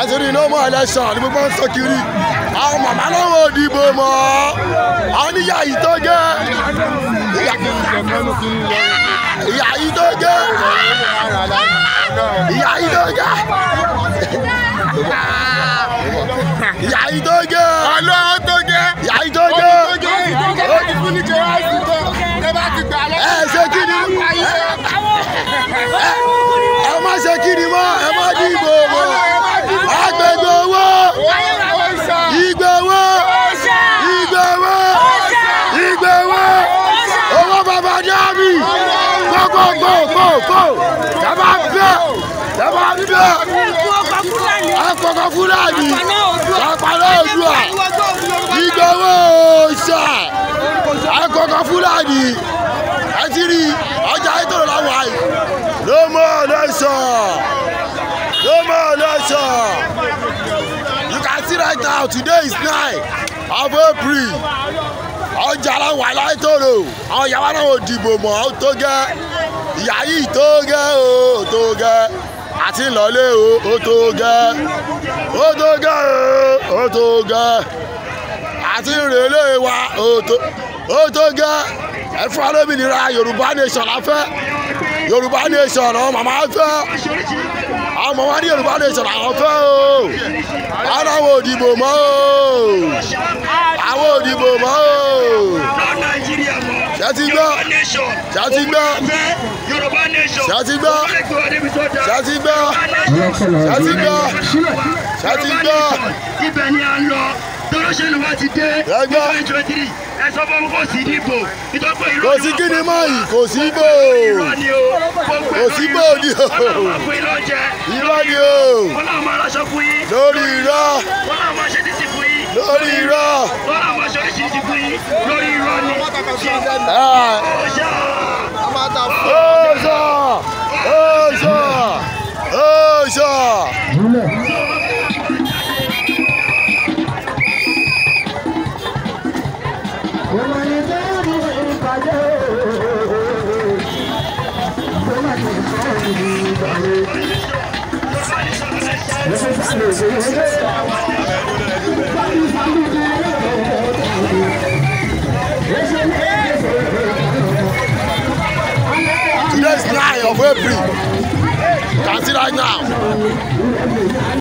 àṣírí iná mọ́ ẹlẹ́ṣàn ni gbogbo ń sọ kiri àwọn màmá lọ́wọ́ òdìbò mọ́ àwọn níyà yìí tó gẹ́ ìyá yìí tó jẹ́ ìyá yìí tó jẹ́ ìyá yìí tó jẹ́ ọlọ́run tó jẹ́ ìyá yìí tó jẹ́ ó ti fún ní jẹ́ ẹ ṣe kí. akpọkọ fúlàní àpàlà òdua ìgbọ̀wọ́ ṣá akpọkọ fúlàní àtìrí ọjà ìtòrò làwọn àyè ló mọ ọlọ́sọ̀ ló mọ ọlọ́sọ̀ you can see right now today is night. of April ọjà làwọn àyè láìtòrò àwọn ìyàwó náà ò dìbò mọ́ ìyá yìí tó gẹ́ o tó gẹ́ àti ńlọlé o ó tó gẹ́ ó tó gẹ́ ó tó gẹ́ àti ńrèlé wa ó tó ó tó gẹ́ ẹ fún alómìnira yorùbá nation la fẹ́ yorùbá nation ọ màmá fẹ́ àwọn màmá ní yorùbá nation àwọn fẹ́ o àwọn òdìbò mọ́ o àwọn òdìbò mọ́ o ṣáàtì gbọ́ ṣáàtì gbọ́ ṣáàtì gbọ́ ṣáàtì gbọ́ ṣáàtì gbọ́ ṣáàtì gbọ́. ibẹ̀ ni a ń lọ tọ́lọ́ṣẹ́nu wa ti dé ní twenty twenty three ẹ sọ fún mi kò sí níbo ìtọ́pọ̀ ìró ni kò sí kíni mọ́ yìí kò sí bò kò sí bò ni o irọ́ ni o lórí irọ́ lórí irọ́. Alright. Öza! Öza! February. Can see right now.